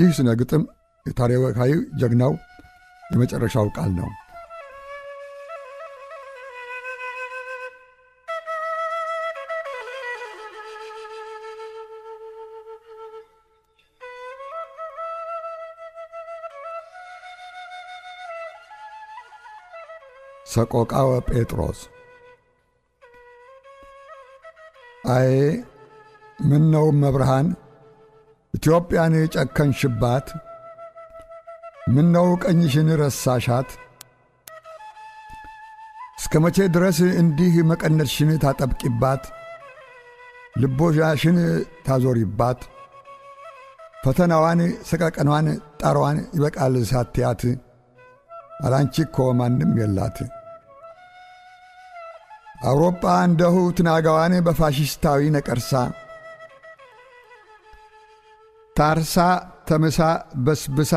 ይህ ስነ ግጥም የታሪካዊ ጀግናው የመጨረሻው ቃል ነው። ሰቆቃወ ጴጥሮስ አዬ ምን ነው መብርሃን ኢትዮጵያን የጨከንሽባት ምነው ቀኝሽን ረሳሻት? እስከ መቼ ድረስ እንዲህ መቀነትሽን ታጠብቂባት? ልቦሻሽን ታዞሪባት? ፈተናዋን፣ ሰቀቀኗን፣ ጣሯን ይበቃል ሳትያት አላንቺ እኮ ማንም የላት። አውሮጳ እንደሁ ትናጋዋን በፋሽስታዊ ነቀርሳ ታርሳ ተምሳ በስብሳ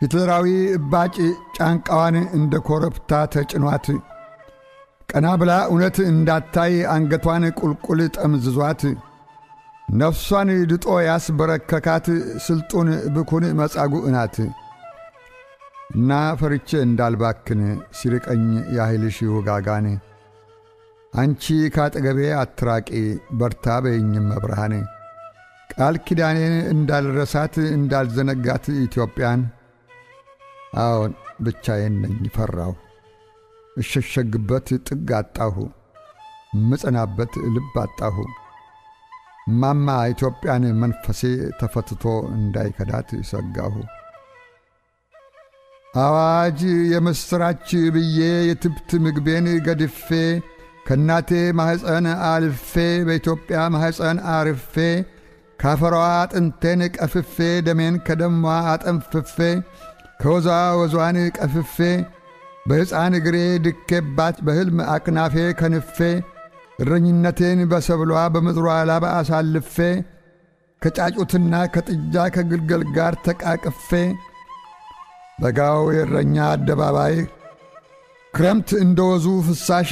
ሂትለራዊ እባጭ ጫንቃዋን እንደ ኮረብታ ተጭኗት ቀና ብላ እውነት እንዳታይ አንገቷን ቁልቁል ጠምዝዟት ነፍሷን ድጦ ያስበረከካት ስልጡን ብኩን መጻጉዕ ናት እና ፈርቼ እንዳልባክን ሲርቀኝ ያህልሽ ውጋጋን አንቺ ካጠገቤ አትራቂ በርታ በይኝም መብርሃኔ ቃል ኪዳኔን እንዳልረሳት እንዳልዘነጋት ኢትዮጵያን። አዎን ብቻዬን ነኝ ፈራሁ፣ እሸሸግበት ጥግ አጣሁ፣ ምጸናበት ልብ አጣሁ። ማማ ኢትዮጵያን መንፈሴ ተፈትቶ እንዳይከዳት ሰጋሁ። አዋጅ የምሥራች ብዬ የትብት ምግቤን ገድፌ ከእናቴ ማኅፀን አልፌ በኢትዮጵያ ማኅፀን አርፌ ካፈሯዋ አጥንቴን ቀፍፌ ደሜን ከደሟ አጠንፍፌ ከወዟ ወዟን ቀፍፌ በሕፃን እግሬ ድኬባት በሕልም አቅናፌ ከንፌ እረኝነቴን በሰብሏ በምድሯ ላብ አሳልፌ ከጫጩትና ከጥጃ ከግልገል ጋር ተቃቅፌ በጋው የእረኛ አደባባይ ክረምት እንደ ወዙ ፍሳሽ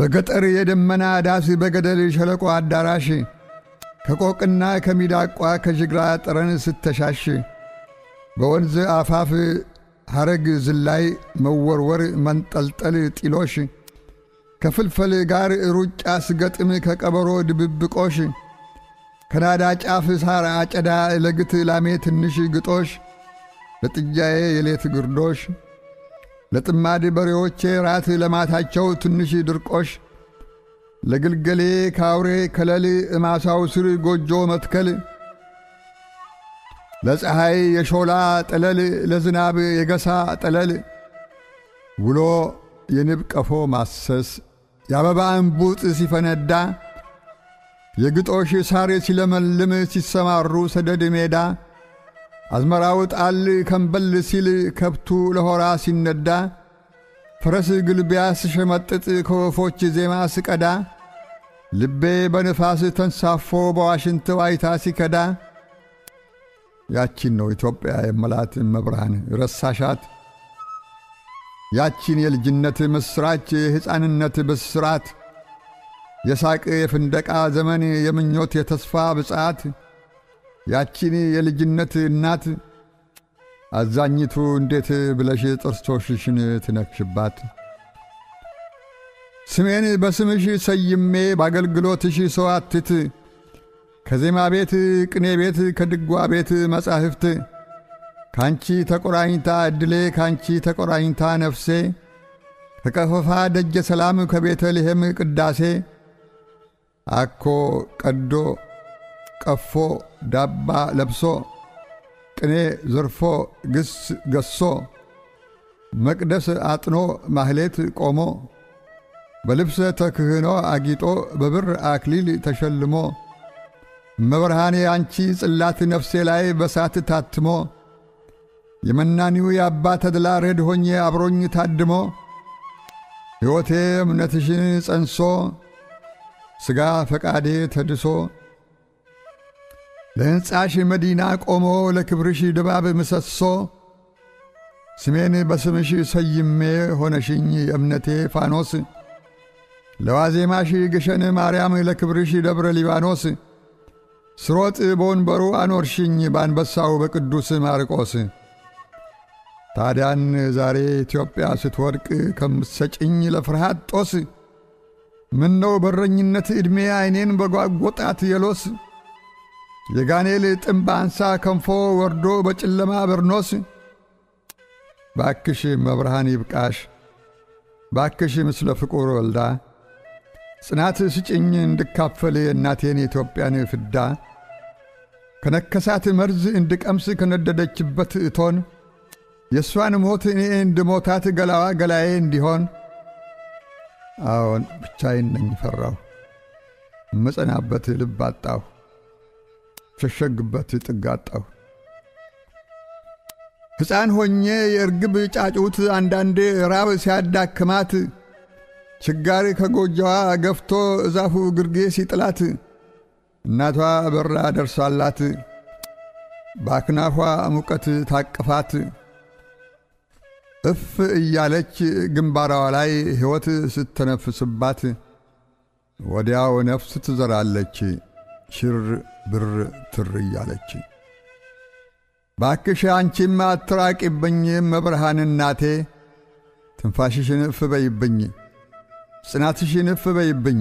በገጠር የደመና ዳስ በገደል ሸለቆ አዳራሽ ከቆቅና ከሚዳቋ ከጅግራ ጥረን ስተሻሽ በወንዝ አፋፍ ሐረግ ዝላይ መወርወር መንጠልጠል ጢሎሽ ከፍልፈል ጋር ሩጫ ስገጥም ከቀበሮ ድብብቆሽ ከናዳ ጫፍ ሳር አጨዳ ለግት ላሜ ትንሽ ግጦሽ ለጥጃዬ የሌት ግርዶሽ ለጥማድ በሬዎቼ ራት ለማታቸው ትንሽ ድርቆሽ ለግልገሌ ካውሬ ከለል እማሳው ስር ጎጆ መትከል ለፀሐይ የሾላ ጠለል ለዝናብ የገሳ ጠለል ውሎ የንብ ቀፎ ማሰስ የአበባ እንቡጥ ሲፈነዳ የግጦሽ ሳር ሲለመልም ሲሰማሩ ሰደድ ሜዳ አዝመራው ጣል ከንበል ሲል ከብቱ ለሆራ ሲነዳ ፈረስ ግልቢያ ስሸመጥጥ ከወፎች ዜማ ስቀዳ ልቤ በንፋስ ተንሳፎ በዋሽንት ዋይታ ሲከዳ ያቺን ነው ኢትዮጵያ የመላት መብርሃን ረሳሻት። ያቺን የልጅነት ምስራች የሕፃንነት ብስራት የሳቅ የፍንደቃ ዘመን የምኞት የተስፋ ብጻት ያቺን የልጅነት እናት አዛኝቱ እንዴት ብለሽ ጥርሶችሽን ትነክሽባት? ስሜን በስምሽ ሰይሜ በአገልግሎትሽ ሰው አትት ከዜማ ቤት፣ ቅኔ ቤት፣ ከድጓ ቤት መጻሕፍት ካንቺ ተቆራኝታ ዕድሌ ካንቺ ተቆራኝታ ነፍሴ ከቀፈፋ ደጀ ሰላም ከቤተ ልሔም ቅዳሴ አኮ ቀዶ ቀፎ ዳባ ለብሶ ቅኔ ዘርፎ ግስ ገሶ መቅደስ አጥኖ ማህሌት ቆሞ በልብሰ ተክህኖ አጊጦ በብር አክሊል ተሸልሞ እመብርሃኔ አንቺ ጽላት ነፍሴ ላይ በሳት ታትሞ የመናኒው የአባ ተድላ ረድ ሆኜ አብሮኝ ታድሞ ሕይወቴ እምነትሽን ጸንሶ ሥጋ ፈቃዴ ተድሶ ለሕንፃሽ መዲና ቆሞ ለክብርሽ ድባብ ምሰሶ ስሜን በስምሽ ሰይሜ ሆነሽኝ የእምነቴ ፋኖስ ለዋዜማሽ ግሸን ማርያም ለክብርሽ ደብረ ሊባኖስ ስሮጥ በወንበሩ አኖርሽኝ በአንበሳው በቅዱስ ማርቆስ ታዲያን ዛሬ ኢትዮጵያ ስትወድቅ ከምትሰጭኝ ለፍርሃት ጦስ ምነው በረኝነት ዕድሜ ዐይኔን በጓጐጣት የሎስ የጋኔል ጥምብ አንሳ ከንፎ ወርዶ በጨለማ በርኖስ ባክሽ መብርሃን ይብቃሽ፣ ባክሽ ምስለ ፍቁር ወልዳ ጽናት ስጭኝ እንድካፈል የእናቴን የኢትዮጵያን ፍዳ ከነከሳት መርዝ እንድቀምስ ከነደደችበት እቶን የእሷን ሞት እኔ እንድሞታት ገላዋ ገላዬ እንዲሆን አዎን ብቻዬን ነኝ ፈራሁ መጸናበት ልብ አጣሁ። ሸሸግበት ጥጋጣሁ። ሕፃን ሆኜ የእርግብ ጫጩት አንዳንዴ ራብ ሲያዳክማት ችጋሪ ከጎጆዋ ገፍቶ እዛፉ ግርጌ ሲጥላት እናቷ በራ ደርሳላት በአክናፏ ሙቀት ታቅፋት እፍ እያለች ግንባራዋ ላይ ሕይወት ስትነፍስባት ወዲያው ነፍስ ትዘራለች ሽር ብር ትር እያለች ባክሽ አንቺም አትራቂብኝ መብርሃን እናቴ፣ ትንፋሽሽን እፍ በይብኝ፣ ጽናትሽን እፍ በይብኝ፣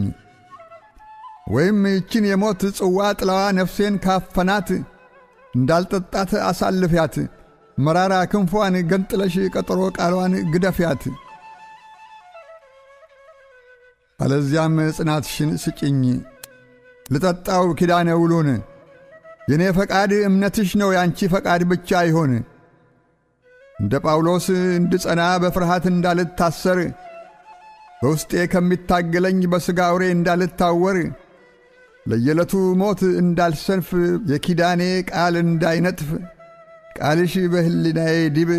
ወይም ይችን የሞት ጽዋ ጥላዋ ነፍሴን ካፈናት እንዳልጠጣት አሳልፊያት፣ መራራ ክንፏን ገንጥለሽ ቀጠሮ ቃሏን ግደፊያት። አለዚያም ጽናትሽን ስጭኝ ልጠጣው ኪዳነ ውሉን የኔ ፈቃድ እምነትሽ ነው ያንቺ ፈቃድ ብቻ ይሆን። እንደ ጳውሎስ እንድጸና በፍርሃት እንዳልታሰር በውስጤ ከሚታገለኝ በሥጋ አውሬ እንዳልታወር ለየዕለቱ ሞት እንዳልሰንፍ የኪዳኔ ቃል እንዳይነጥፍ ቃልሽ በሕሊናዬ ዲብ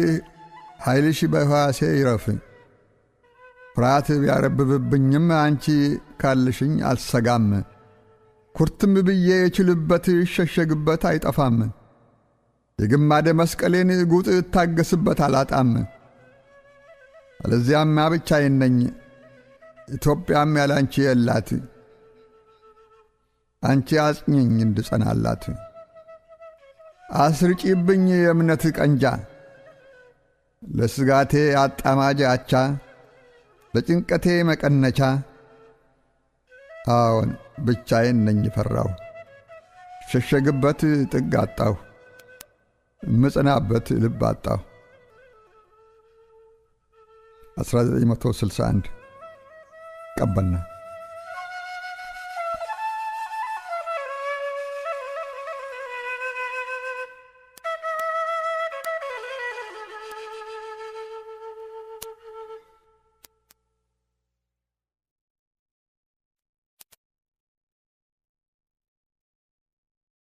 ኃይልሽ በሕዋሴ ይረፍ። ፍርሃት ቢያረብብብኝም አንቺ ካልሽኝ አልሰጋም። ኩርትም ብዬ የችልበት ይሸሸግበት አይጠፋም። የግማደ መስቀሌን ጉጥ እታገስበት አላጣም። አለዚያም ብቻዬን ነኝ፣ ኢትዮጵያም ያላንቺ የላት። አንቺ አጽኚኝ እንድጸናላት፣ አስርጪብኝ የእምነት ቀንጃ። ለስጋቴ አጣማጅ አቻ፣ ለጭንቀቴ መቀነቻ አዎን ብቻዬን ነኝ ፈራሁ። ሸሸግበት ጥግ አጣሁ፣ ምጽናበት ልብ አጣሁ። 1961 ቀበና